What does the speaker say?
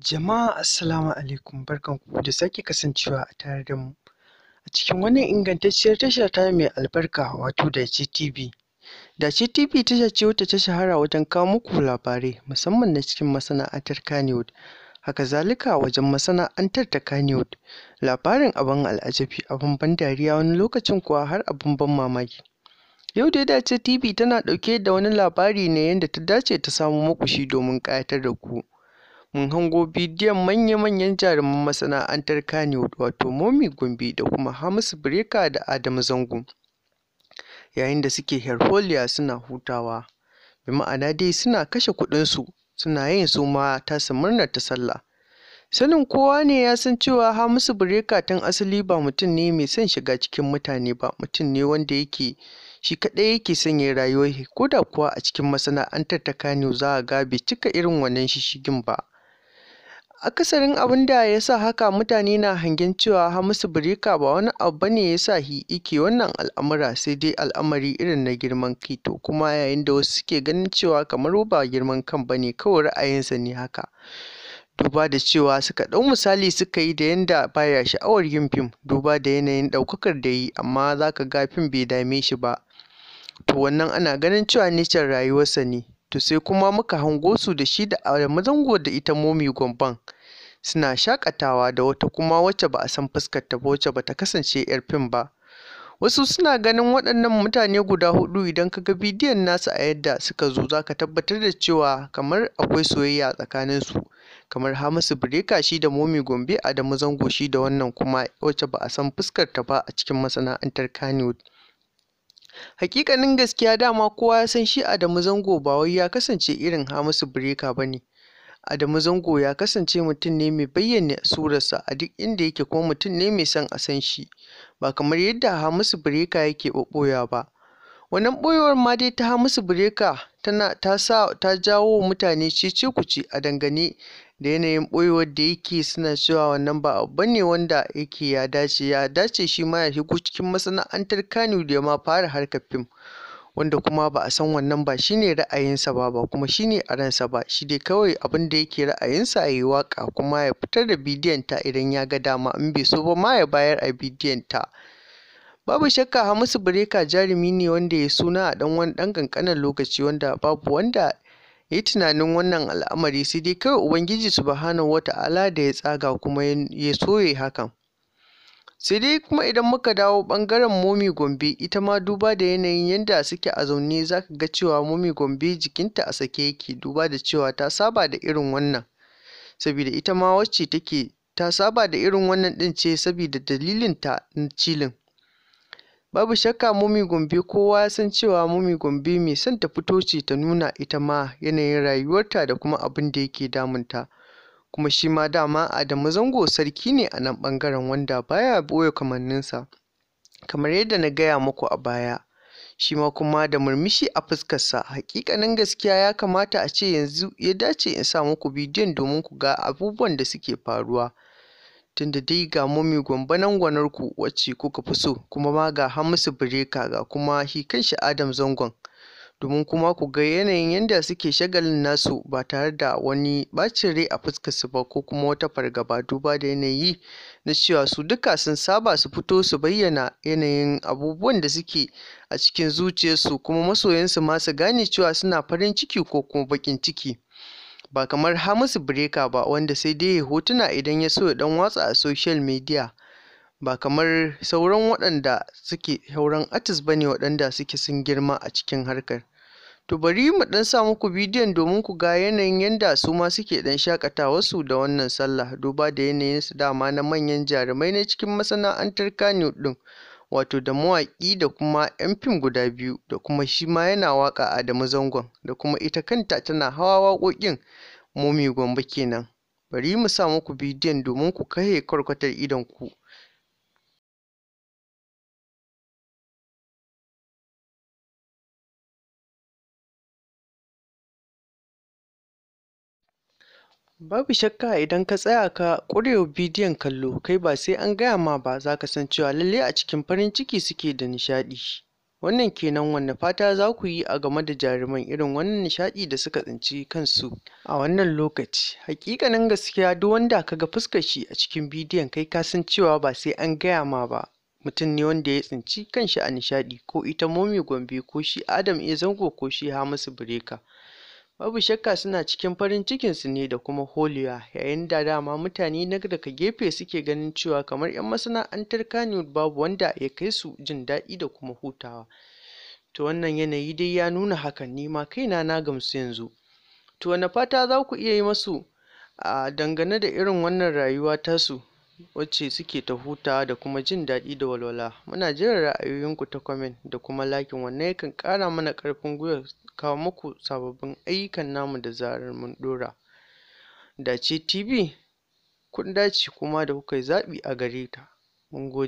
Jama'a assalamu alaikum barkanku da sake kasancewa a tare da mu a cikin wannan ingantacciyar tasha ta mai albarka wato Dace TV. Dace TV tasha ce wacce ta shahara wajen kawo muku labarai musamman na cikin masana'antar Kannywood. Haka zalika wajen masana'antar ta Kannywood labarin abin al'ajabi abin ban dariya wani lokacin kuwa har abin ban mamaki. Yau dai Dace TV tana ɗauke da wani labari ne yadda ta dace ta samo muku shi domin ƙayatar da ku. mun hango bidiyon manya-manyan jaruman masana'antar Kannywood wato Momi Gombe da kuma Hamisu Breka da Adamu Zango yayin da suke Herholiya suna hutawa bi ma'ana dai suna kashe kuɗinsu suna yin su ma su murnar ta sallah sanin kowa ne ya san cewa Hamisu Breka tun asali ba mutum ne mai son shiga cikin mutane ba mutum ne wanda yake shi kaɗai yake son ya rayuwar ko da kuwa a cikin masana'antar ta Kano za a ga bai cika irin wannan shishigin ba Akasarin abin da ya sa haka mutane na hangen cewa Hamisu Birika ba wani abu ba ne ya sa yake wannan al'amura, sai dai al'amari irin na girman kai, to kuma yayin da wasu suke ganin cewa kamar ba girman kan ba ne kawai ra'ayinsa ne haka, duba da cewa suka ɗau misali suka yi da yanda baya sha'awar yin fim, duba da yanayin ɗaukakar da yi, amma zaka ga fim bai dame shi ba, to wannan ana ganin cewa nicen rayuwarsa ne. to sai kuma muka hango su da shi da Adamu Zango da ita Momi Gomban suna shakatawa da wata kuma wacce ba a san fuskar ta ba wacce ba ta kasance 'yar fim ba. Wasu suna ganin waɗannan mutane guda hudu idan ka ga bidiyon nasu a yadda suka zo zaka tabbatar da cewa kamar akwai soyayya tsakanin su kamar Hamisu Bireka shi da Momi Gombe da Zango shi da wannan kuma wacce ba a san fuskar ta ba a cikin masana'antar Kannywood. Haƙiƙanin gaskiya dama kowa ya san shi Adamu Zango ba wai ya kasance irin Hamisu Breaker ba ne. Adamu Zango ya kasance mutum ne mai bayyana surarsa a duk inda yake kuma mutum ne mai son a san shi, ba kamar yadda Hamisu Breaker yake ɓoɓɓoyawa ba. Wannan ɓoyewar ma dai ta bureka tana ta jawo wa mutane ku ci a dangane da yanayin ɓoyewar da yake suna cewa wannan ba abu bane wanda yake ya dace, ya dace shi ma ya shigo cikin masana'antar Kannywood ya ma fara harkar fim, wanda kuma ba a san wannan ba shine ra'ayinsa ba, ba kuma shine a ransa ba, shi dai kawai abin da yake ra'ayinsa ya yi waka kuma ya fitar da bidiyon ta idan ya ga dama, in bai so ba ma ya bayar a bidiyon ta. Babu shakka Hamisu bireka jarumi ne wanda ya suna a dan wani dan kankanan lokaci wanda babu wanda ya tunanin wannan al'amari sai dai kawai Ubangiji Subhanahu wata'ala da ya tsaga kuma ya so hakan. Sai dai kuma idan muka dawo bangaren Momi Gombe ita ma duba da yanayin yadda suke a zaune zaka ga cewa Momi Gombe jikinta a sake yake duba da cewa ta saba da irin wannan. Sabida ita ma wacce take ta saba da irin wannan din ce sabida ta na cilin. Babu shakka Mummy Gombe kowa ya san cewa Mummy Gombe mai son ta fito ce ta nuna ita ma yanayin rayuwarta da kuma abin da yake damunta, kuma shi ma dama Adamu Zango sarki ne a nan ɓangaren wanda ba ya ɓoye kamanninsa, kamar yadda na gaya muku a baya, shi ma kuma da murmushi a fuskarsa. Haƙiƙanin gaskiya ya kamata a ce yanzu ya dace in sa muku bidiyon domin ku ga abubuwan da suke faruwa. tunda dai ga Mummy gwamba nan gwanarku wacce kuka fi so kuma ma ga Hamisu Breaker ga kuma shi kanshi Adam Zangon domin kuma ku ga yanayin yadda suke shagalin nasu ba tare da wani bacin rai a su ba ko kuma wata fargaba duba da yanayi na cewa su duka sun saba su fito su bayyana yanayin abubuwan da suke a cikin zuciyarsu kuma masoyansu ma su gane cewa suna farin ciki ko kuma bakin ciki. ba kamar Hamisu Breaker ba wanda sai dai ya hotuna idan ya so ya ɗan watsa a social media ba kamar sauran waɗanda suke sauran artist bane waɗanda suke sun girma a cikin harkar. To bari mu ɗan sa muku bidiyon domin ku ga yanayin yadda su ma suke ɗan su da wannan sallah duba da yanayin su dama na manyan jarumai ne cikin masana'antar kano ɗin. wato da mawaƙi da kuma ‘yan fim guda biyu da kuma shi ma yana waƙa Adamu Zangon da kuma ita kanta tana hawa waƙoƙin momi Gombe kenan. Bari mu sa muku bidiyon domin ku kahe kwarkwatar ku. Babu shakka idan ka tsaya ka ƙurewa bidiyon kallo, kai ba sai an gaya ma ba za ka san cewa lallai a cikin farin ciki suke da nishaɗi. Wannan kenan wanne fata za ku yi a game da jaruman irin wannan nishaɗi da suka tsinci kansu a wannan lokaci. Haƙiƙanin gaskiya duk wanda ka ga fuskar shi a cikin bidiyon kai ka san cewa ba sai an gaya ma ba. mutum ne wanda ya tsinci kanshi a nishaɗi ko ita Momi Gombe ko shi Adam iya Zango ko shi Hamisu bireka Babu shakka suna cikin farin cikinsu ne da kuma holiya, yayin da dama mutane na daga gefe suke ganin cewa kamar 'yan masana'antar Kannywood babu wanda ya kai su jin daɗi da kuma hutawa. To wannan yanayi dai ya nuna hakan ni ma kaina na gamsu yanzu. To wane fata za ku iya yi masu a dangane da irin wannan rayuwa tasu? wacce suke ta huta da kuma jin daɗi da walwala muna jiran ra'ayoyinku ta comment da kuma lakin wannan yakan ƙara mana ƙarfin gwiwa kawo muku sababbin ayyukan namu da zarar mun ɗora dace tv kun dace kuma da kuka yi zaɓi a gare ta mun gode